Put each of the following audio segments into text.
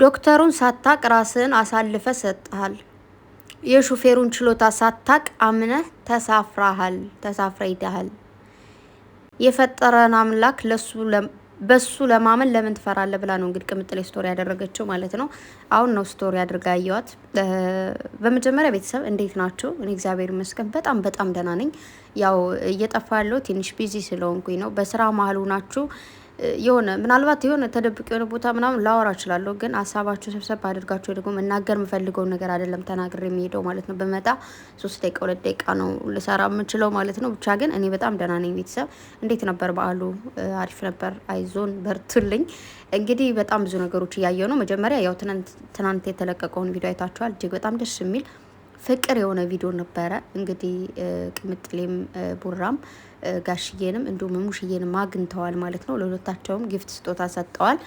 ዶክተሩን ሳታቅ ራስን አሳልፈ ሰጥሃል። የሹፌሩን ችሎታ ሳታቅ አምነህ ተሳፍራሃል ተሳፍረ ይዳሃል። የፈጠረን አምላክ ለሱ በሱ ለማመን ለምን ትፈራለ? ብላ ነው እንግዲህ ቅምጥሌ ስቶሪ ያደረገችው ማለት ነው። አሁን ነው ስቶሪ አድርጋ ያየዋት። በመጀመሪያ ቤተሰብ እንዴት ናቸው? እኔ እግዚአብሔር ይመስገን በጣም በጣም ደህና ነኝ። ያው እየጠፋ ያለው ትንሽ ቢዚ ስለሆንኩኝ ነው። በስራ መሀሉ ናችሁ የሆነ ምናልባት የሆነ ተደብቅ የሆነ ቦታ ምናምን ላወራ እችላለሁ፣ ግን ሀሳባችሁ ሰብሰብ አድርጋችሁ ደግሞ መናገር የምፈልገውን ነገር አይደለም ተናግሬ የሚሄደው ማለት ነው። በመጣ ሶስት ደቂቃ ሁለት ደቂቃ ነው ልሰራ የምችለው ማለት ነው። ብቻ ግን እኔ በጣም ደህና ነኝ። ቤተሰብ እንዴት ነበር በዓሉ? አሪፍ ነበር። አይዞን በርቱልኝ። እንግዲህ በጣም ብዙ ነገሮች እያየሁ ነው። መጀመሪያ ያው ትናንት የተለቀቀውን ቪዲዮ አይታችኋል። እጅግ በጣም ደስ የሚል ፍቅር የሆነ ቪዲዮ ነበረ። እንግዲህ ቅምጥሌም ቡራም ጋሽዬንም እንዲሁም ሙሽዬንም አግኝተዋል ማለት ነው። ለሁለታቸውም ጊፍት ስጦታ ሰጠዋል።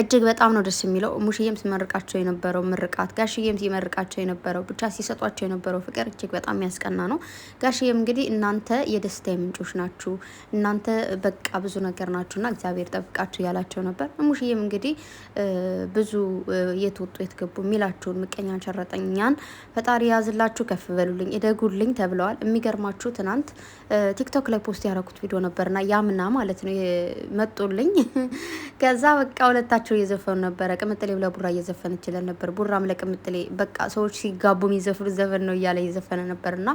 እጅግ በጣም ነው ደስ የሚለው። ሙሽዬም ሲመርቃቸው የነበረው ምርቃት፣ ጋሽዬም ሲመርቃቸው የነበረው ብቻ ሲሰጧቸው የነበረው ፍቅር እጅግ በጣም የሚያስቀና ነው። ጋሽዬም እንግዲህ እናንተ የደስታ ምንጮች ናችሁ፣ እናንተ በቃ ብዙ ነገር ናችሁና እግዚአብሔር ጠብቃችሁ ያላቸው ነበር። ሙሽዬም እንግዲህ ብዙ የትወጡ የትገቡ የሚላችሁን ምቀኛን፣ ሸረጠኛን ፈጣሪ ያዝላችሁ፣ ከፍ በሉልኝ፣ እደጉልኝ ተብለዋል። የሚገርማችሁ ትናንት ቲክቶክ ላይ ፖስት ያደረኩት ቪዲዮ ነበርና ያምና ማለት ነው መጡልኝ። ከዛ በቃ ሁለት ሁለታቸው እየዘፈኑ ነበረ። ቅምጥሌ ብላ ቡራ እየዘፈነችለን ነበር። ቡራም ለቅምጥሌ በቃ ሰዎች ሲጋቡ የሚዘፍኑት ዘፈን ነው እያለ እየዘፈነ ነበር እና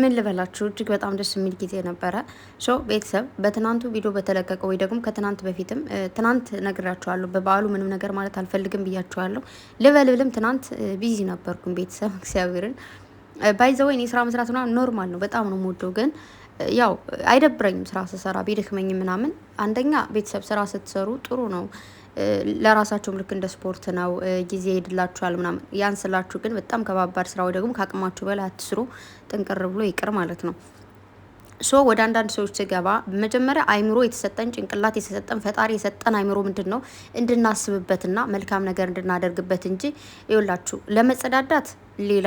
ምን ልበላችሁ እጅግ በጣም ደስ የሚል ጊዜ ነበረ። ሶ ቤተሰብ በትናንቱ ቪዲዮ በተለቀቀ ወይ ደግሞ ከትናንት በፊትም ትናንት ነግራችኋለሁ። በበዓሉ ምንም ነገር ማለት አልፈልግም ብያችኋለሁ። ልበልብልም ትናንት ቢዚ ነበርኩም ቤተሰብ እግዚአብሔርን ባይዘወይ እኔ ስራ መስራት ኖርማል ነው፣ በጣም ነው የምወደው ግን ያው አይደብረኝም ስራ ስሰራ ቢደክመኝ ምናምን። አንደኛ ቤተሰብ ስራ ስትሰሩ ጥሩ ነው፣ ለራሳቸውም ልክ እንደ ስፖርት ነው፣ ጊዜ ሄድላችኋል ምናምን። ያን ስላችሁ ግን በጣም ከባባድ ስራ ወይ ደግሞ ከአቅማችሁ በላይ አትስሩ፣ ጥንቅር ብሎ ይቅር ማለት ነው። ሶ ወደ አንዳንድ ሰዎች ስገባ መጀመሪያ አይምሮ የተሰጠን ጭንቅላት የተሰጠን ፈጣሪ የሰጠን አይምሮ ምንድን ነው እንድናስብበትና መልካም ነገር እንድናደርግበት እንጂ ይውላችሁ ለመጸዳዳት ሌላ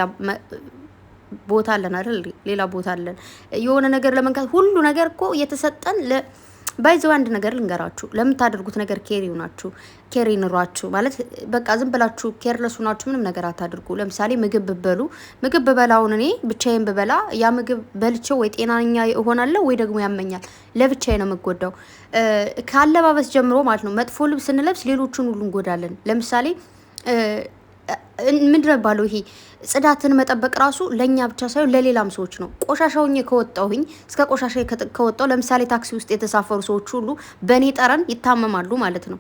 ቦታ አለን አይደል? ሌላ ቦታ አለን። የሆነ ነገር ለመንካት ሁሉ ነገር እኮ እየተሰጠን ባይዘው አንድ ነገር ልንገራችሁ፣ ለምታደርጉት ነገር ኬሪ ናችሁ፣ ኬሪ ይኑራችሁ። ማለት በቃ ዝም ብላችሁ ኬርለሱ ናችሁ፣ ምንም ነገር አታድርጉ። ለምሳሌ ምግብ ብበሉ፣ ምግብ ብበላውን እኔ ብቻዬን ብበላ ያ ምግብ በልቼው ወይ ጤናኛ እሆናለሁ ወይ ደግሞ ያመኛል። ለብቻዬ ነው የምጎዳው። ከአለባበስ ጀምሮ ማለት ነው። መጥፎ ልብስ ስንለብስ ሌሎቹን ሁሉ እንጎዳለን። ለምሳሌ ምንድን ነው ባለው ይሄ ጽዳትን መጠበቅ ራሱ ለእኛ ብቻ ሳይሆን ለሌላም ሰዎች ነው። ቆሻሻውኝ ከወጣሁኝ እስከ ቆሻሻ ከወጣው ለምሳሌ ታክሲ ውስጥ የተሳፈሩ ሰዎች ሁሉ በእኔ ጠረን ይታመማሉ ማለት ነው።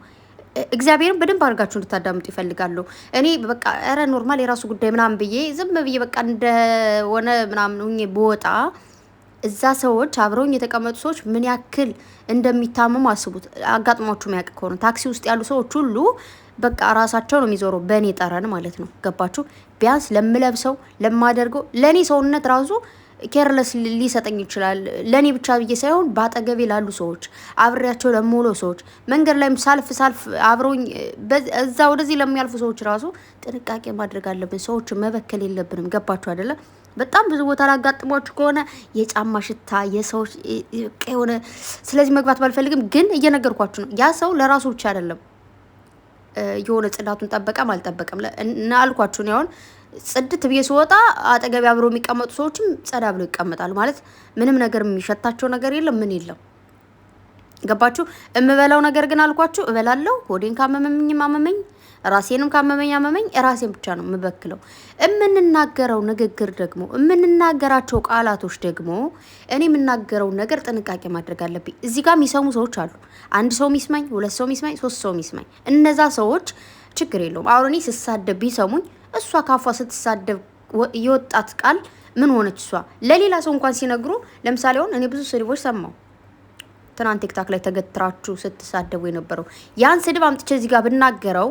እግዚአብሔርን በደንብ አድርጋችሁ እንድታዳምጡ ይፈልጋሉ እኔ በቃ ረ ኖርማል የራሱ ጉዳይ ምናምን ብዬ ዝም ብዬ በቃ እንደሆነ ምናምን ሁኜ ብወጣ እዛ ሰዎች አብረውኝ የተቀመጡ ሰዎች ምን ያክል እንደሚታመሙ አስቡት። አጋጥሟችሁ የሚያውቅ ከሆኑ ታክሲ ውስጥ ያሉ ሰዎች ሁሉ በቃ ራሳቸው ነው የሚዞረው በእኔ ጠረን ማለት ነው። ገባችሁ? ቢያንስ ለምለብሰው ለማደርገው ለእኔ ሰውነት ራሱ ኬርለስ ሊሰጠኝ ይችላል። ለእኔ ብቻ ብዬ ሳይሆን በአጠገቤ ላሉ ሰዎች፣ አብሬያቸው ለሞሎ ሰዎች፣ መንገድ ላይም ሳልፍ ሳልፍ አብረውኝ እዛ ወደዚህ ለሚያልፉ ሰዎች ራሱ ጥንቃቄ ማድረግ አለብን። ሰዎች መበከል የለብንም። ገባችሁ አይደለም። በጣም ብዙ ቦታ ላጋጥሟችሁ ከሆነ የጫማ ሽታ የሰዎች የሆነ ስለዚህ መግባት ባልፈልግም፣ ግን እየነገርኳችሁ ነው። ያ ሰው ለራሱ ብቻ አይደለም የሆነ ጽዳቱን ጠበቀም አልጠበቀም እና አልኳችሁን ነው ጽድት ብዬ ስወጣ አጠገቢ የሚቀመጡ ሰዎችም ጸዳ ብሎ ይቀመጣሉ። ማለት ምንም ነገር የሚሸታቸው ነገር የለም ምን የለም ገባችሁ። የምበላው ነገር ግን አልኳችሁ እበላለሁ። ሆዴን ካመመኝም አመመኝ ራሴንም ካመመኝ አመመኝ፣ ራሴን ብቻ ነው የምበክለው። የምንናገረው ንግግር ደግሞ የምንናገራቸው ቃላቶች ደግሞ እኔ የምናገረው ነገር ጥንቃቄ ማድረግ አለብኝ። እዚህ ጋር የሚሰሙ ሰዎች አሉ። አንድ ሰው ሚስማኝ፣ ሁለት ሰው ሚስማኝ፣ ሶስት ሰው ሚስማኝ፣ እነዛ ሰዎች ችግር የለውም። አሁን እኔ ስሳደብ ቢሰሙኝ እሷ ካፏ ስትሳደብ የወጣት ቃል ምን ሆነች እሷ ለሌላ ሰው እንኳን ሲነግሩ፣ ለምሳሌ አሁን እኔ ብዙ ስድቦች ሰማሁ። ትናንት ቲክታክ ላይ ተገትራችሁ ስትሳደቡ የነበረው ያን ስድብ አምጥቼ እዚህ ጋር ብናገረው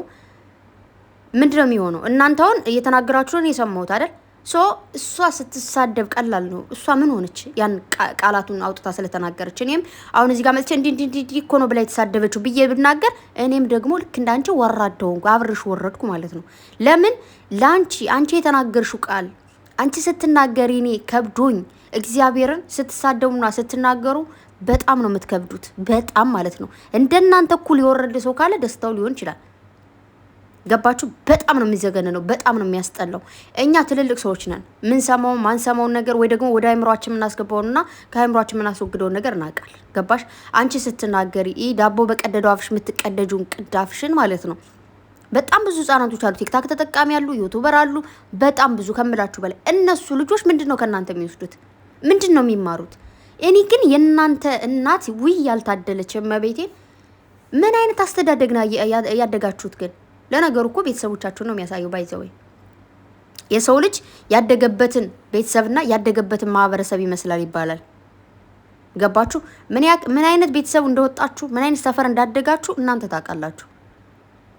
ምንድን ነው የሚሆነው? እናንተ አሁን እየተናገራችሁን የሰማሁት አይደል? ሶ እሷ ስትሳደብ ቀላል ነው። እሷ ምን ሆነች? ያን ቃላቱን አውጥታ ስለተናገረች እኔም አሁን እዚህ ጋር መጥቼ እንዲ እኮ ነው ብላ የተሳደበችው ብዬ ብናገር እኔም ደግሞ ልክ እንዳንቺ ወራዳ ሆንኩ፣ ወረድኩ ማለት ነው። ለምን ለአንቺ አንቺ የተናገርሽው ቃል አንቺ ስትናገሪ እኔ ከብዶኝ እግዚአብሔርን ስትሳደቡና ስትናገሩ በጣም ነው የምትከብዱት። በጣም ማለት ነው። እንደናንተ እኩል የወረደ ሰው ካለ ደስታው ሊሆን ይችላል ገባችሁ? በጣም ነው የሚዘገንነው፣ በጣም ነው የሚያስጠላው። እኛ ትልልቅ ሰዎች ነን። ምንሰማውን ማንሰማውን ነገር ወይ ደግሞ ወደ አይምሯችን የምናስገባውንና ከአይምሯችን የምናስወግደውን ነገር እናውቃለን። ገባሽ? አንቺ ስትናገሪ ዳቦ በቀደደው አፍሽ የምትቀደጁን ቅዳፍሽን ማለት ነው። በጣም ብዙ ህጻናቶች አሉ፣ ቲክታክ ተጠቃሚ አሉ፣ ዩቱበር አሉ። በጣም ብዙ ከምላችሁ በላይ እነሱ ልጆች ምንድን ነው ከእናንተ የሚወስዱት? ምንድን ነው የሚማሩት? እኔ ግን የእናንተ እናት ውይ ያልታደለች መቤቴ ምን አይነት አስተዳደግና ያደጋችሁት ግን ለነገሩ እኮ ቤተሰቦቻችሁን ነው የሚያሳየው። ባይዘወይ የሰው ልጅ ያደገበትን ቤተሰብና ያደገበትን ማህበረሰብ ይመስላል ይባላል። ገባችሁ? ምን አይነት ቤተሰብ እንደወጣችሁ ምን አይነት ሰፈር እንዳደጋችሁ እናንተ ታውቃላችሁ።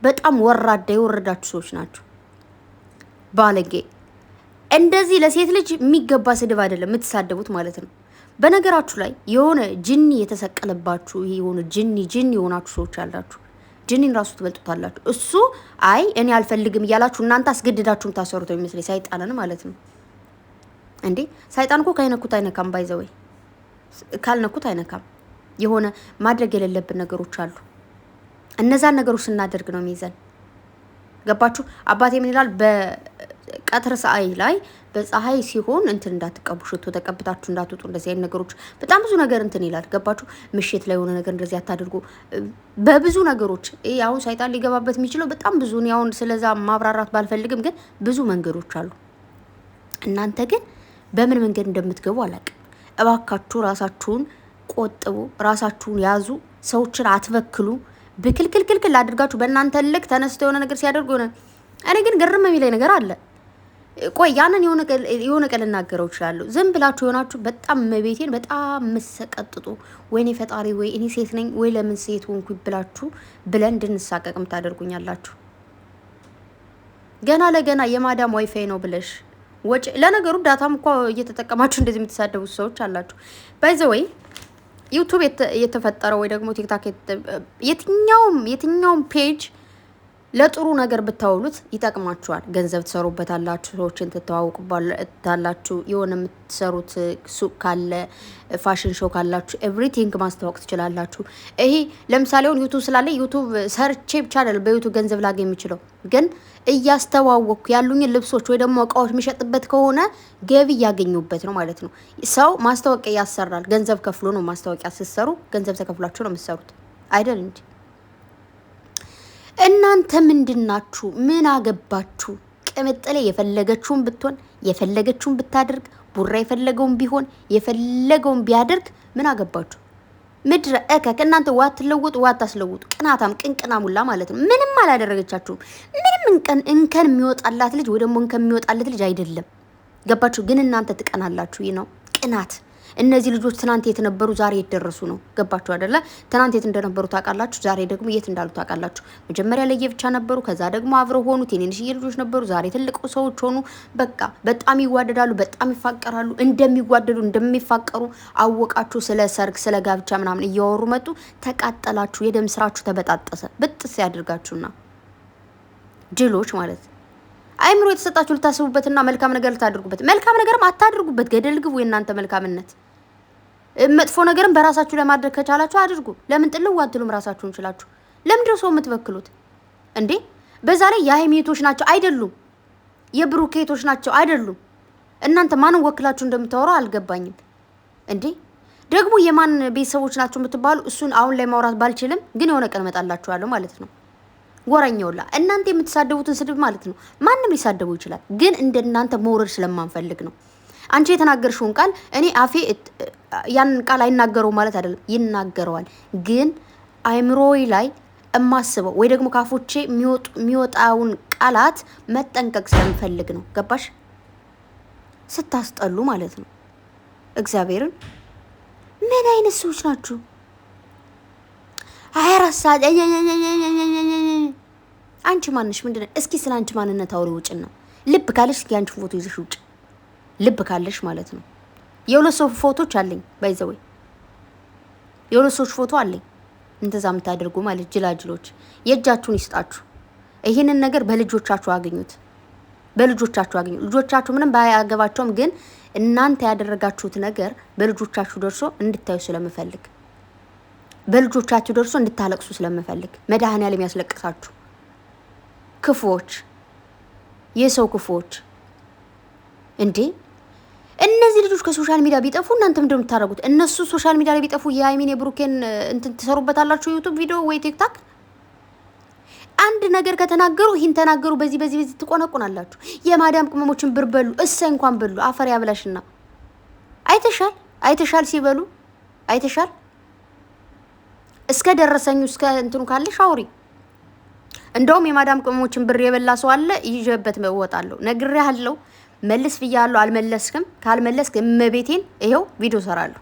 በጣም ወራዳ የወረዳችሁ ሰዎች ናችሁ። ባለጌ። እንደዚህ ለሴት ልጅ የሚገባ ስድብ አይደለም የምትሳደቡት ማለት ነው። በነገራችሁ ላይ የሆነ ጅኒ የተሰቀለባችሁ የሆነ ጅኒ ጅኒ የሆናችሁ ሰዎች አላችሁ። ጅኒን ራሱ ትበልጡታላችሁ። እሱ አይ እኔ አልፈልግም እያላችሁ እናንተ አስገድዳችሁም ታሰሩት የሚመስለኝ ሳይጣንን ማለት ነው። እንዴ ሳይጣን እኮ ካይነኩት አይነካም፣ ባይዘወይ ካልነኩት አይነካም። የሆነ ማድረግ የሌለብን ነገሮች አሉ። እነዛን ነገሮች ስናደርግ ነው የሚይዘን። ገባችሁ? አባቴ ምን ይላል ቀትር ሰአይ ላይ በፀሐይ ሲሆን እንትን እንዳትቀቡ ሽቶ ተቀብታችሁ እንዳትወጡ። እንደዚህ አይነት ነገሮች በጣም ብዙ ነገር እንትን ይላል። ገባችሁ? ምሽት ላይ የሆነ ነገር እንደዚህ አታድርጉ። በብዙ ነገሮች ይህ አሁን ሰይጣን ሊገባበት የሚችለው በጣም ብዙ። እኔ አሁን ስለዛ ማብራራት ባልፈልግም፣ ግን ብዙ መንገዶች አሉ። እናንተ ግን በምን መንገድ እንደምትገቡ አላውቅም። እባካችሁ ራሳችሁን ቆጥቡ፣ ራሳችሁን ያዙ፣ ሰዎችን አትበክሉ። ብክልክልክልክል አድርጋችሁ በእናንተ ልክ ተነስቶ የሆነ ነገር ሲያደርጉ ሆነ እኔ ግን ግርም የሚለኝ ነገር አለ ቆይ ያንን የሆነ ቀን ልናገረው እችላለሁ። ዝም ብላችሁ የሆናችሁ በጣም መቤቴን በጣም ምሰቀጥጡ ወይኔ ፈጣሪ ወይ እኔ ሴት ነኝ ወይ ለምን ሴት ሆንኩ ብላችሁ ብለን እንድንሳቀቅ ምታደርጉኛላችሁ። ገና ለገና የማዳም ዋይፋይ ነው ብለሽ ወጪ ለነገሩ ዳታም እኳ እየተጠቀማችሁ እንደዚህ የምትሳደቡት ሰዎች አላችሁ። ባይዘ ወይ ዩቱብ የተፈጠረው ወይ ደግሞ ቲክታክ የትኛውም የትኛውም ፔጅ ለጥሩ ነገር ብታውሉት ይጠቅማችኋል። ገንዘብ ትሰሩበታላችሁ፣ ሰዎችን ትተዋውቁበታላችሁ፣ የሆነ የምትሰሩት ሱቅ ካለ ፋሽን ሾው ካላችሁ ኤቭሪቲንግ ማስተዋወቅ ትችላላችሁ። ይሄ ለምሳሌ አሁን ዩቱብ ስላለ ዩቱብ ሰርቼ ብቻ አይደለም በዩቱብ ገንዘብ ላገኝ የሚችለው ግን እያስተዋወቅኩ ያሉኝን ልብሶች ወይ ደግሞ እቃዎች የሚሸጥበት ከሆነ ገቢ እያገኙበት ነው ማለት ነው። ሰው ማስታወቂያ ያሰራል። ገንዘብ ከፍሎ ነው ማስታወቂያ ስትሰሩ፣ ገንዘብ ተከፍሏችሁ ነው የምትሰሩት አይደል እንጂ እናንተ ምንድናችሁ? ምን አገባችሁ? ቅምጥሌ የፈለገችውን ብትሆን የፈለገችውን ብታደርግ ቡራ የፈለገውን ቢሆን የፈለገውን ቢያደርግ ምን አገባችሁ? ምድረ እከክ እናንተ ዋ ዋታስለውጡ ቅናታም ቅንቅና ቅናታም ማለት ነው። ምንም አላደረገቻችሁም። ምንም እንከን እንከን የሚወጣላት ልጅ ወይ ደግሞ እንከን የሚወጣለት ልጅ አይደለም። ገባችሁ? ግን እናንተ ትቀናላችሁ። ይህ ነው ቅናት። እነዚህ ልጆች ትናንት የት ነበሩ? ዛሬ የት ደረሱ ነው? ገባችሁ አይደለ? ትናንት የት እንደነበሩ ታውቃላችሁ፣ ዛሬ ደግሞ የት እንዳሉ ታውቃላችሁ። መጀመሪያ ብቻ ነበሩ፣ ከዛ ደግሞ አብረው ሆኑ። ትንንሽዬ ልጆች ነበሩ፣ ዛሬ ትልቅ ሰዎች ሆኑ። በቃ በጣም ይዋደዳሉ፣ በጣም ይፋቀራሉ። እንደሚዋደዱ እንደሚፋቀሩ አወቃችሁ። ስለ ሰርግ ስለ ጋብቻ ምናምን እያወሩ መጡ። ተቃጠላችሁ፣ የደም ስራችሁ ተበጣጠሰ፣ ብጥስ ያደርጋችሁና ጅሎች ማለት ነው። አይምሮ የተሰጣችሁ ልታስቡበትና መልካም ነገር ልታደርጉበት፣ መልካም ነገርም አታድርጉበት፣ ገደል ግቡ። የእናንተ መልካምነት መጥፎ ነገርም በራሳችሁ ለማድረግ ከቻላችሁ አድርጉ። ለምን ጥልው አትሉም? ራሳችሁን ችላችሁ ለምንድን ሰው የምትበክሉት እንዴ? በዛ ላይ የሀይሜቶች ናቸው አይደሉም? የብሩኬቶች ናቸው አይደሉም? እናንተ ማንን ወክላችሁ እንደምታወራው አልገባኝም እንዴ። ደግሞ የማን ቤተሰቦች ናቸው የምትባሉ እሱን አሁን ላይ ማውራት ባልችልም፣ ግን የሆነ ቀን እመጣላችኋለሁ ማለት ነው። ወረኛውላ እናንተ የምትሳደቡትን ስድብ ማለት ነው። ማንም ሊሳደቡ ይችላል፣ ግን እንደናንተ መውረድ ስለማንፈልግ ነው። አንቺ የተናገርሽውን ቃል እኔ አፌ ያንን ቃል አይናገረው ማለት አይደለም፣ ይናገረዋል። ግን አይምሮዬ ላይ እማስበው ወይ ደግሞ ካፎቼ የሚወጣውን ቃላት መጠንቀቅ ስለምፈልግ ነው። ገባሽ? ስታስጠሉ ማለት ነው። እግዚአብሔርን ምን አይነት ሰዎች ናችሁ? ሀያ አራት ሰዓት አንቺ ማንሽ ምንድን ነው? እስኪ ስለ አንቺ ማንነት አውሪ ውጭን ነው። ልብ ካለሽ እስኪ አንቺ ፎቶ ይዘሽ ውጭ። ልብ ካለሽ ማለት ነው። የሁለት ሰው ፎቶች አለኝ ባይዘወይ የሁለት ሰዎች ፎቶ አለኝ። እንደዛ የምታደርጉ ማለት ጅላጅሎች የእጃችሁን ይስጣችሁ። ይህንን ነገር በልጆቻችሁ አገኙት፣ በልጆቻችሁ አገኙት። ልጆቻችሁ ምንም ባያገባቸውም ግን እናንተ ያደረጋችሁት ነገር በልጆቻችሁ ደርሶ እንድታዩ ስለምፈልግ በልጆቻችሁ ደርሶ እንድታለቅሱ ስለምፈልግ መድኃኔዓለም ያስለቅሳችሁ። ክፉዎች፣ የሰው ክፉዎች እንዴ! እነዚህ ልጆች ከሶሻል ሚዲያ ቢጠፉ እናንተ ምንድን የምታደርጉት? እነሱ ሶሻል ሚዲያ ላይ ቢጠፉ የሃይሚን የብሩኬን እንትን ትሰሩበታላችሁ? ዩቱብ ቪዲዮ ወይ ቲክታክ አንድ ነገር ከተናገሩ ይህን ተናገሩ፣ በዚህ በዚህ በዚህ ትቆነቁናላችሁ። የማዳም ቅመሞችን ብር በሉ፣ እሰይ እንኳን በሉ። አፈር ያብላሽና አይተሻል፣ አይተሻል ሲበሉ አይተሻል። እስከ ደረሰኙ እስከ እንትኑ ካለሽ አውሪ። እንደውም የማዳም ቅመሞችን ብር የበላ ሰው አለ፣ ይዤበት እወጣለሁ። ነግሬሃለሁ፣ መልስ ብያለሁ፣ አልመለስክም። ካልመለስክ እመቤቴን ይሄው ቪዲዮ ሰራለሁ።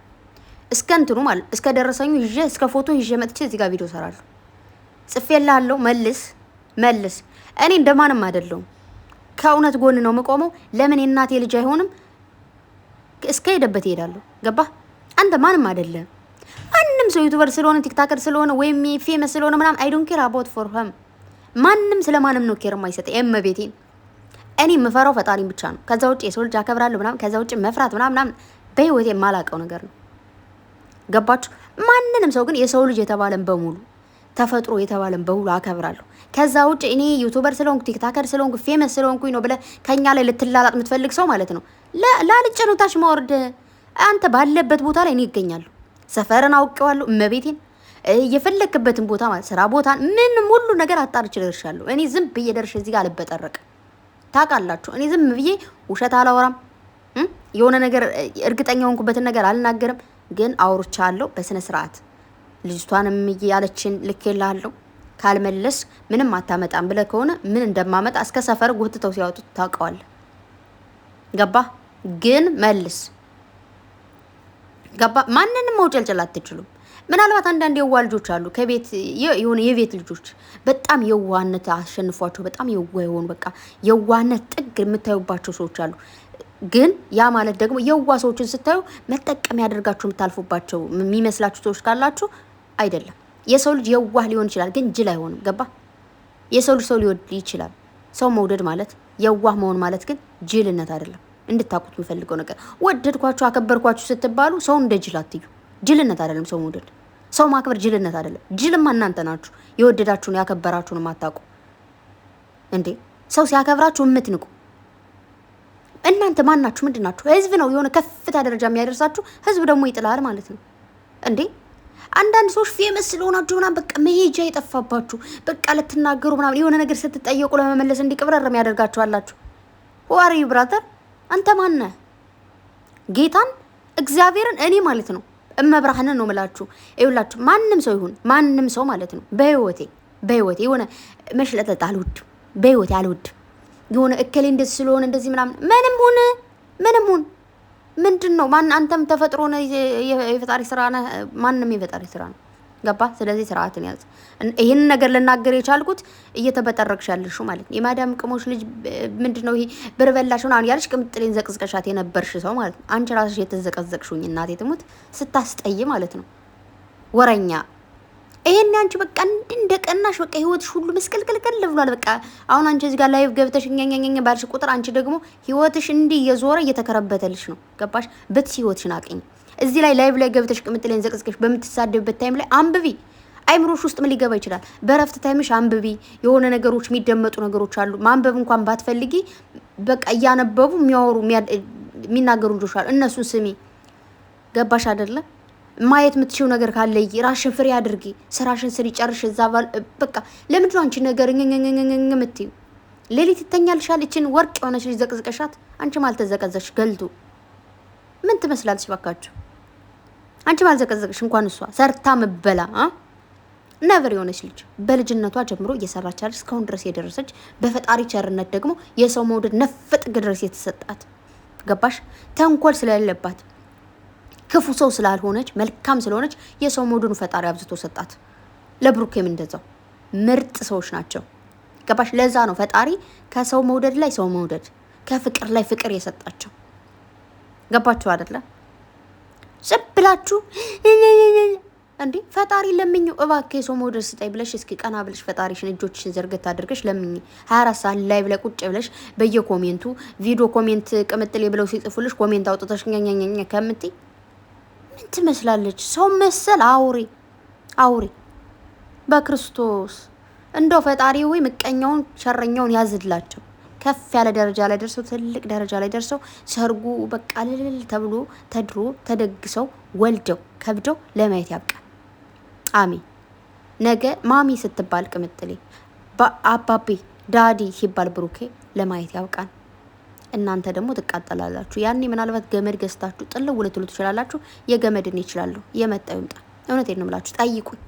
እስከ እንትኑ ማለት እስከ ደረሰኙ ይዤ እስከ ፎቶ ይዤ መጥቼ እዚህ ጋር ቪዲዮ ሰራለሁ። ጽፌላለሁ፣ መልስ መልስ። እኔ እንደማንም አይደለሁም። ከእውነት ጎን ነው የምቆመው። ለምን የእናቴ ልጅ አይሆንም? እስከ ሄደበት ይሄዳለሁ። ገባ? አንተ ማንም አይደለም። ማንም ሰው ዩቱበር ስለሆነ ቲክታከር ስለሆነ ወይም ፌመስ ስለሆነ ምናምን አይ ዶንት ኬር አባውት ፎር ሀም ማንም ማንም ነው ኬር የማይሰጠ የመቤቴን እኔ የምፈራው ፈጣሪን ብቻ ነው። ከዛ ውጭ የሰው ልጅ አከብራለሁ ምናምን ከዛ ውጭ መፍራት ምናምን በህይወቴ የማላውቀው ነገር ነው። ገባችሁ? ማንንም ሰው ግን የሰው ልጅ የተባለን በሙሉ ተፈጥሮ የተባለን በሙሉ አከብራለሁ። ከዛ ውጭ እኔ ዩቱበር ስለሆንኩ ቲክታከር ስለሆንኩ ፌመስ ስለሆንኩኝ ነው ብለ ከኛ ላይ ልትላላጥ የምትፈልግ ሰው ማለት ነው ላልጭ ነው ማወርድ አንተ ባለበት ቦታ ላይ እኔ ይገኛሉ። ሰፈርን አውቄዋለሁ። እመቤቴን የፈለክበትን ቦታ ማለት ስራ ቦታን ምንም ሁሉ ነገር አጣርቼ ደርሻለሁ። እኔ ዝም ብዬ ደርሼ እዚህ ጋር አልበጠረቅም። ታውቃላችሁ፣ እኔ ዝም ብዬ ውሸት አላወራም። የሆነ ነገር እርግጠኛ ሆንኩበትን ነገር አልናገርም። ግን አውርቻለሁ በስነ ስርዓት ልጅቷንም እያለችን ልኬላለሁ። ካልመለስ ምንም አታመጣም ብለህ ከሆነ ምን እንደማመጣ እስከ ሰፈር ጎትተው ሲያወጡት ታውቀዋለህ። ገባ ግን መልስ ገባ። ማንንም መውጨልጨል አትችሉም። ምናልባት አንዳንድ የዋ ልጆች አሉ ከቤት የሆነ የቤት ልጆች በጣም የዋነት አሸንፏቸው በጣም የዋ የሆኑ በቃ የዋነት ጥግ የምታዩባቸው ሰዎች አሉ። ግን ያ ማለት ደግሞ የዋ ሰዎችን ስታዩ መጠቀም ያደርጋችሁ የምታልፉባቸው የሚመስላችሁ ሰዎች ካላችሁ አይደለም። የሰው ልጅ የዋህ ሊሆን ይችላል፣ ግን ጅል አይሆንም። ገባ። የሰው ልጅ ሰው ሊወድ ይችላል። ሰው መውደድ ማለት የዋህ መሆን ማለት ግን ጅልነት አይደለም። እንድታቁት የምፈልገው ነገር ወደድኳችሁ፣ አከበርኳችሁ ስትባሉ ሰው እንደ ጅል አትዩ። ጅልነት አይደለም ሰው መውደድ፣ ሰው ማክበር ጅልነት አይደለም። ጅልማ እናንተ ናችሁ፣ የወደዳችሁን ያከበራችሁን የማታውቁ እንዴ። ሰው ሲያከብራችሁ የምትንቁ እናንተ ማናችሁ? ምንድናችሁ ናችሁ? ህዝብ ነው የሆነ ከፍታ ደረጃ የሚያደርሳችሁ፣ ህዝብ ደግሞ ይጥላል ማለት ነው እንዴ። አንዳንድ ሰዎች ፌመስ ስለሆናችሁ ምናምን በቃ መሄጃ የጠፋባችሁ በቃ ልትናገሩ ምናምን የሆነ ነገር ስትጠየቁ ለመመለስ እንዲቅብረር የሚያደርጋችሁ አላችሁ። ዋሪ ብራተር አንተ ማነ ጌታን እግዚአብሔርን እኔ ማለት ነው እመብርሃንን ነው ምላችሁ ይውላችሁ። ማንም ሰው ይሁን ማንም ሰው ማለት ነው በህይወቴ በህይወቴ የሆነ መሽለጠጥ አልወድም። በህይወቴ አልወድም። የሆነ እከሌ እንደዚህ ስለሆነ እንደዚህ ምናምን ምንም ሁን ምንም ሁን ምንድን ነው ማን አንተም ተፈጥሮ የፈጣሪ ስራ ነህ። ማንም የፈጣሪ ስራ ነው። ገባ። ስለዚህ ስርዓትን ያዝ። ይህን ነገር ልናገር የቻልኩት እየተበጠረቅሽ ያለሹ ማለት ነው። የማዳም ቅሞች ልጅ ምንድን ነው ይሄ ብር በላሽ ምናምን ያለሽ ቅምጥሌን ዘቅዝቀሻት የነበርሽ ሰው ማለት ነው። አንቺ ራስሽ የተዘቀዘቅሹኝ እናቴ ትሙት ስታስጠይ ማለት ነው። ወረኛ ይሄን አንቺ በቃ እንድ እንደቀናሽ በቃ ህይወትሽ ሁሉ ምስቅልቅልቅል ብሏል። በቃ አሁን አንቺ እዚህ ጋር ላይቭ ገብተሽ ኛኛኛኛ ባልሽ ቁጥር አንቺ ደግሞ ህይወትሽ እንዲህ እየዞረ እየተከረበተልሽ ነው። ገባሽ? ብትይ ህይወትሽን አቅኝ። እዚህ ላይ ላይቭ ላይ ገብተሽ ቅምጥሌን ዘቅዝቀሽ በምትሳደብበት ታይም ላይ አንብቢ። አይምሮሽ ውስጥ ምን ሊገባ ይችላል? በረፍት ታይምሽ አንብቢ። የሆነ ነገሮች የሚደመጡ ነገሮች አሉ። ማንበብ እንኳን ባትፈልጊ በቃ እያነበቡ የሚያወሩ የሚናገሩ ልጆች አሉ። እነሱን ስሚ። ገባሽ አደለ? ማየት የምትችው ነገር ካለይ ራሽን ፍሬ አድርጊ። ስራሽን ስሪ፣ ጨርሽ። እዛ በቃ ለምንድነው አንቺ ነገር የምትይው? ሌሊት ይተኛልሻል። እችን ወርቅ የሆነች ልጅ ዘቅዝቀሻት፣ አንቺም አልተዘቀዘሽ ገልቱ ምን ትመስላለች? ባካችሁ አንቺ ባልዘቀዘቅሽ እንኳን እሷ ሰርታ መበላ ነቨር የሆነች ልጅ በልጅነቷ ጀምሮ እየሰራች ያለች እስካሁን ድረስ የደረሰች በፈጣሪ ቸርነት ደግሞ የሰው መውደድ ነፍጥቅ ድረስ የተሰጣት ገባሽ? ተንኮል ስለሌለባት ክፉ ሰው ስላልሆነች መልካም ስለሆነች የሰው መውደዱን ፈጣሪ አብዝቶ ሰጣት። ለብሩኬም እንደዛው ምርጥ ሰዎች ናቸው። ገባሽ? ለዛ ነው ፈጣሪ ከሰው መውደድ ላይ ሰው መውደድ ከፍቅር ላይ ፍቅር የሰጣቸው። ገባችሁ አይደለ? ዝም ብላችሁ እንዴ ፈጣሪ ለምኙ እባክህ የሰው ሞደል ስጠኝ ብለሽ እስኪ ቀና ብለሽ ፈጣሪሽን እጆችሽን ዘርግት አድርገሽ ለምኝ። 24 ሰዓት ላይ ብለ ቁጭ ብለሽ በየኮሜንቱ ቪዲዮ ኮሜንት ቅምጥሌ ብለው ሲጽፉልሽ ኮሜንት አውጥተሽ ኛኛኛ ከምትይ ምን ትመስላለች? ሰው መሰል አውሬ አውሬ። በክርስቶስ እንደው ፈጣሪ ወይ ምቀኛውን ሸረኛውን ያዝድላቸው። ከፍ ያለ ደረጃ ላይ ደርሰው ትልቅ ደረጃ ላይ ደርሰው ሰርጉ በቃ ልልል ተብሎ ተድሮ ተደግሰው ወልደው ከብደው ለማየት ያብቃ። አሜን። ነገ ማሚ ስትባል ቅምጥሌ፣ አባቤ ዳዲ ሲባል ብሩኬ ለማየት ያብቃን። እናንተ ደግሞ ትቃጠላላችሁ። ያኔ ምናልባት ገመድ ገዝታችሁ ጥልው ልትሉ ትችላላችሁ። የገመድን ይችላሉ። የመጣ ይምጣ። እውነቴን ነው የምላችሁ። ጠይቁኝ፣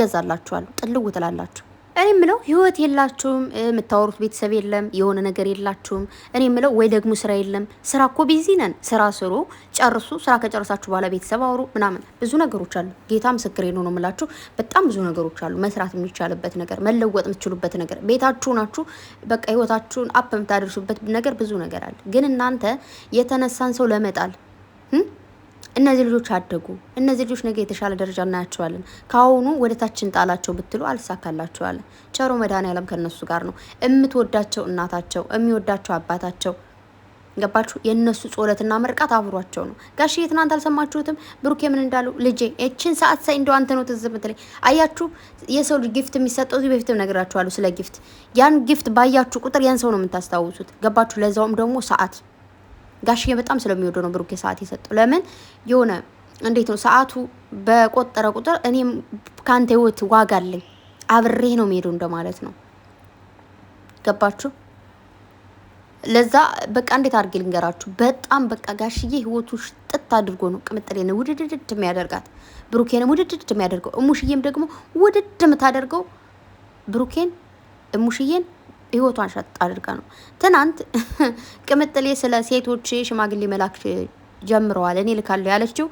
ገዛላችኋለሁ። ጥልው ትላላችሁ። እኔ ምለው ህይወት የላችሁም፣ የምታወሩት ቤተሰብ የለም፣ የሆነ ነገር የላችሁም። እኔ ምለው ወይ ደግሞ ስራ የለም። ስራ እኮ ቢዚ ነን። ስራ ስሩ፣ ጨርሱ። ስራ ከጨረሳችሁ በኋላ ቤተሰብ አውሩ ምናምን። ብዙ ነገሮች አሉ። ጌታ ምስክር ነው ነው የምላችሁ። በጣም ብዙ ነገሮች አሉ፣ መስራት የሚቻልበት ነገር፣ መለወጥ የምትችሉበት ነገር፣ ቤታችሁ ናችሁ፣ በቃ ህይወታችሁን አፕ የምታደርሱበት ነገር ብዙ ነገር አለ። ግን እናንተ የተነሳን ሰው ለመጣል እነዚህ ልጆች አደጉ። እነዚህ ልጆች ነገ የተሻለ ደረጃ እናያቸዋለን። ከአሁኑ ወደ ታችን ጣላቸው ብትሉ አልሳካላቸዋለን። ቸሮ መድኃኔዓለም ከእነሱ ጋር ነው። የምትወዳቸው እናታቸው፣ የሚወዳቸው አባታቸው ገባችሁ? የእነሱ ጾለትና መርቃት አብሯቸው ነው። ጋሽዬ ትናንት አልሰማችሁትም? ብሩኬ ምን እንዳሉ? ልጄ እችን ሰዓት ሳይ እንደው አንተ ነው ትዝ ምትለኝ። አያችሁ፣ የሰው ልጅ ጊፍት የሚሰጠው እዚህ በፊትም ነግራችኋለሁ ስለ ጊፍት። ያን ጊፍት ባያችሁ ቁጥር ያን ሰው ነው የምታስታውሱት። ገባችሁ? ለዛውም ደግሞ ሰዓት ጋሽዬ በጣም ስለሚወደው ነው ብሩኬ ሰዓት የሰጠው። ለምን የሆነ እንዴት ነው ሰዓቱ በቆጠረ ቁጥር እኔም ከአንተ ህይወት ዋጋ አለኝ አብሬህ ነው የምሄደው እንደማለት ነው። ገባችሁ? ለዛ በቃ እንዴት አድርጌ ልንገራችሁ። በጣም በቃ ጋሽዬ ህይወቱ ሽጥት አድርጎ ነው ቅምጥሌን ውድድድድ የሚያደርጋት ብሩኬንም ውድድድ የሚያደርገው እሙሽዬም ደግሞ ውድድ የምታደርገው ብሩኬን እሙሽዬን ህይወቷን ሸጥ አድርጋ ነው። ትናንት ቅምጥሌ ስለ ሴቶች ሽማግሌ መላክ ጀምረዋል እኔ ልካለሁ ያለችው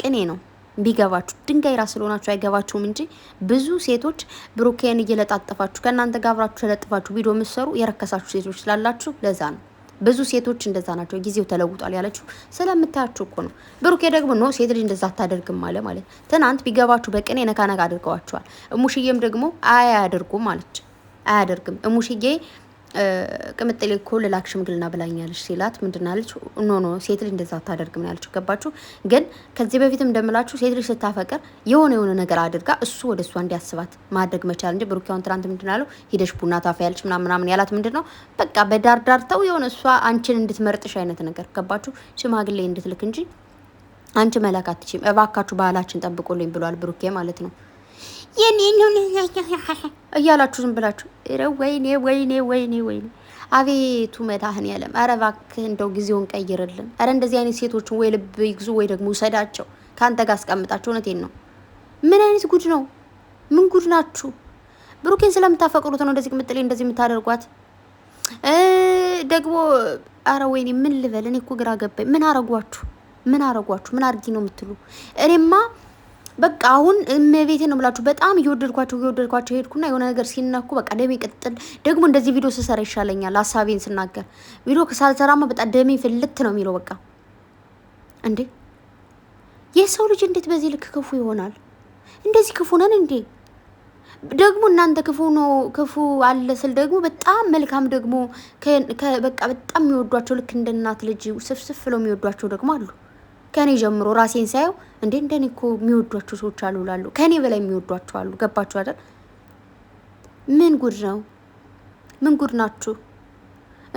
ቅኔ ነው። ቢገባችሁ ድንጋይ ራስ ስለሆናችሁ አይገባችሁም እንጂ ብዙ ሴቶች ብሩኬን እየለጣጠፋችሁ ከእናንተ ጋር አብራችሁ ተለጥፋችሁ ቪዲዮ የምትሰሩ የረከሳችሁ ሴቶች ስላላችሁ ለዛ ነው። ብዙ ሴቶች እንደዛ ናቸው። ጊዜው ተለውጧል ያለችው ስለምታያችሁ እኮ ነው። ብሩኬ ደግሞ ኖ ሴት ልጅ እንደዛ አታደርግም አለ ማለት ትናንት ቢገባችሁ በቅኔ ነካነካ አድርገዋችኋል። እሙሽዬም ደግሞ አያ አያደርጉም አለች። አያደርግም። እሙሽዬ ቅምጥሌ እኮ ልላክ ሽምግልና ብላኛለች ሲላት ምንድን አለች? ኖ ኖ ሴት ልጅ እንደዛ አታደርግም ያለችው። ገባችሁ? ግን ከዚህ በፊትም እንደምላችሁ ሴት ልጅ ስታፈቅር የሆነ የሆነ ነገር አድርጋ እሱ ወደ እሷ እንዲያስባት ማድረግ መቻል እንጂ ብሩኪያውን ትናንት ምንድን አለው? ሂደሽ ቡና ታፋ ያለች ምናምን ምናምን ያላት ምንድን ነው? በቃ በዳርዳርተው የሆነ እሷ አንቺን እንድትመርጥሽ አይነት ነገር ገባችሁ? ሽማግሌ እንድትልክ እንጂ አንቺ መላክ አትችም። እባካችሁ ባህላችን ጠብቁልኝ ብሏል ብሩኬ ማለት ነው። እያላችሁ ዝም ብላችሁ ወይኔ ወይኔ ወይኔ ወይኔ አቤቱ መድኃኔዓለም፣ ኧረ እባክህ እንደው ጊዜውን ቀይርልን። ኧረ እንደዚህ አይነት ሴቶችን ወይ ልብ ይግዙ ወይ ደግሞ ውሰዳቸው፣ ከአንተ ጋር አስቀምጣቸው። እውነቴን ነው። ምን አይነት ጉድ ነው? ምን ጉድ ናችሁ? ብሩኬን ስለምታፈቅሩት ነው እንደዚህ ቅምጥሌ እንደዚህ የምታደርጓት ደግሞ። አረ ወይኔ ምን ልበል እኔ እኮ ግራ ገባኝ። ምን አረጓችሁ? ምን አረጓችሁ? ምን አርጊ ነው የምትሉ? እኔማ በቃ አሁን እመቤቴ ነው ብላችሁ በጣም እየወደድኳቸው እየወደድኳቸው ሄድኩና የሆነ ነገር ሲነኩ በቃ ደሜ ቅጥል። ደግሞ እንደዚህ ቪዲዮ ስሰራ ይሻለኛል። ሀሳቤን ስናገር ቪዲዮ ሳልሰራማ በጣም ደሜ ፍልት ነው የሚለው። በቃ እንዴ የሰው ልጅ እንዴት በዚህ ልክ ክፉ ይሆናል? እንደዚህ ክፉ ነን እንዴ? ደግሞ እናንተ ክፉ ነው ክፉ አለ ስል ደግሞ በጣም መልካም ደግሞ በቃ በጣም የሚወዷቸው ልክ እንደ እናት ልጅ ስፍስፍ ብለው የሚወዷቸው ደግሞ አሉ። ከኔ ጀምሮ ራሴን ሳየው እንዴ እንደኔ እኮ የሚወዷቸው ሰዎች አሉ ላሉ ከኔ በላይ የሚወዷቸው አሉ። ገባችሁ አይደል? ምን ጉድ ነው? ምን ጉድ ናችሁ?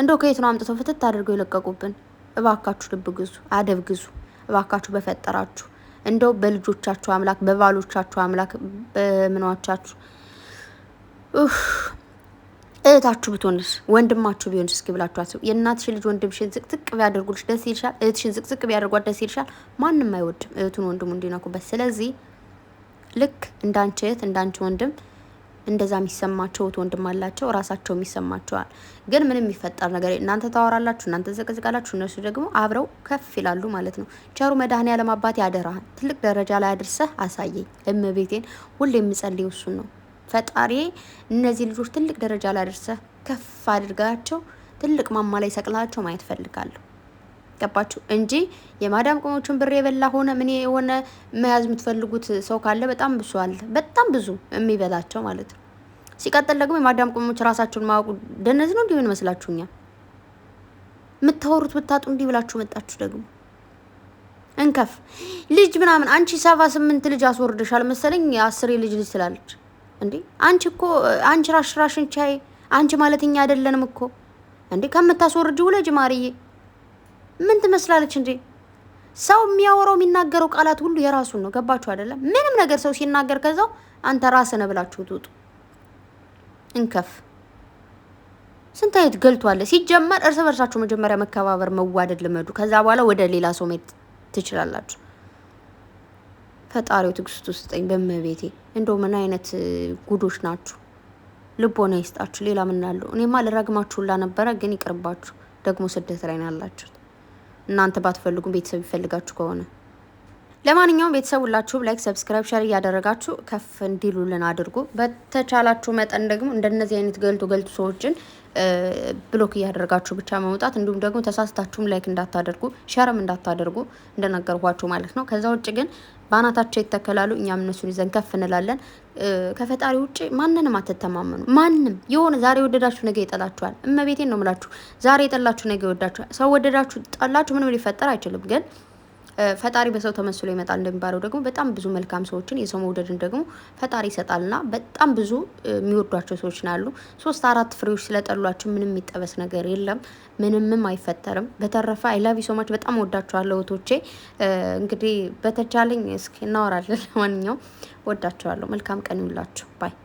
እንደው ከየት ነው አምጥተው ፍትት አድርገው የለቀቁብን? እባካችሁ ልብ ግዙ፣ አደብ ግዙ። እባካችሁ በፈጠራችሁ እንደው በልጆቻችሁ አምላክ፣ በባሎቻችሁ አምላክ፣ በምኗቻችሁ እህታችሁ ብትሆንስ ወንድማችሁ ቢሆንስ እስኪ ብላችሁ አስቡ። የእናትሽን ልጅ ወንድምሽን ዝቅዝቅ ቢያደርጉልሽ ደስ ይልሻል? እህትሽን ዝቅዝቅ ቢያደርጓት ደስ ይልሻል? ማንም አይወድም እህቱን ወንድሙ እንዲነኩበት። ስለዚህ ልክ እንዳንቺ እህት እንዳንቺ ወንድም እንደዛ የሚሰማቸው እህት ወንድም አላቸው፣ ራሳቸው የሚሰማቸዋል። ግን ምንም የሚፈጠር ነገር እናንተ ታወራላችሁ፣ እናንተ ዘቀዝቃላችሁ እነሱ ደግሞ አብረው ከፍ ይላሉ ማለት ነው። ቸሩ መድኃኔዓለም አባት ያደራሃል። ትልቅ ደረጃ ላይ አድርሰህ አሳየኝ እመቤቴን። ሁሌ የምጸልይ እሱን ነው። ፈጣሪ እነዚህ ልጆች ትልቅ ደረጃ ላደርሰ ከፍ አድርጋቸው ትልቅ ማማ ላይ ሰቅላቸው ማየት ፈልጋለሁ። ገባችሁ እንጂ የማዳም ቅሞቹን ብር የበላ ሆነ ምን የሆነ መያዝ የምትፈልጉት ሰው ካለ በጣም ብዙ አለ፣ በጣም ብዙ የሚበላቸው ማለት ነው። ሲቀጥል ደግሞ የማዳም ቅሞች ራሳችሁን ማወቁ ደነዝ ነው። እንዲሁን መስላችሁኛ የምታወሩት ብታጡ እንዲህ ብላችሁ መጣችሁ ደግሞ እንከፍ ልጅ ምናምን አንቺ ሰባ ስምንት ልጅ አስወርደሻል መሰለኝ አስር ልጅ ልጅ ትላለች። እንዴ አንቺ እኮ አንቺ ራሽ ራሽን ቻይ አንቺ ማለት እኛ አይደለንም እኮ እንዴ ከምታስወርጅ ውለጅ ማርዬ ምን ትመስላለች እንዴ ሰው የሚያወራው የሚናገረው ቃላት ሁሉ የራሱን ነው ገባችሁ አይደለም ምንም ነገር ሰው ሲናገር ከዛው አንተ ራስህ ነህ ብላችሁ ትውጡ እንከፍ ስንት አይነት ገልቷል ሲጀመር እርስ በርሳችሁ መጀመሪያ መከባበር መዋደድ ልመዱ ከዛ በኋላ ወደ ሌላ ሰው መሄድ ትችላላችሁ ፈጣሪው ትግስቱ ስጠኝ በመቤቴ። እንደው ምን አይነት ጉዶች ናችሁ? ልቦና ይስጣችሁ። ሌላ ምን ምናለው? እኔማ ልረግማችሁላ ነበረ፣ ግን ይቅርባችሁ። ደግሞ ስደት ላይ ነው ያላችሁት። እናንተ ባትፈልጉም ቤተሰብ ይፈልጋችሁ ከሆነ ለማንኛውም ቤተሰብ ሁላችሁም ላይክ፣ ሰብስክራይብ፣ ሸር እያደረጋችሁ ከፍ እንዲሉልን አድርጉ። በተቻላችሁ መጠን ደግሞ እንደነዚህ አይነት ገልጡ ገልጡ ሰዎችን ብሎክ እያደረጋችሁ ብቻ መውጣት፣ እንዲሁም ደግሞ ተሳስታችሁም ላይክ እንዳታደርጉ ሸርም እንዳታደርጉ እንደነገርኳችሁ ማለት ነው። ከዛ ውጭ ግን በአናታቸው ይተከላሉ። እኛም እነሱን ይዘን ከፍ እንላለን። ከፈጣሪ ውጭ ማንንም አትተማመኑ። ማንም የሆነ ዛሬ የወደዳችሁ ነገ ይጠላችኋል። እመቤቴን ነው ምላችሁ። ዛሬ የጠላችሁ ነገ ይወዳችኋል። ሰው ወደዳችሁ ጠላችሁ ምንም ሊፈጠር አይችልም ግን ፈጣሪ በሰው ተመስሎ ይመጣል እንደሚባለው ደግሞ በጣም ብዙ መልካም ሰዎችን የሰው መውደድን ደግሞ ፈጣሪ ይሰጣልና በጣም ብዙ የሚወዷቸው ሰዎች ናሉ። ሶስት አራት ፍሬዎች ስለጠሏቸው ምንም የሚጠበስ ነገር የለም፣ ምንምም አይፈጠርም። በተረፈ አይላቪ ሶማች በጣም ወዳቸዋለሁ እህቶቼ። እንግዲህ በተቻለኝ እስኪ እናወራለን። ለማንኛውም ወዳቸዋለሁ። መልካም ቀን ይውላችሁ ባይ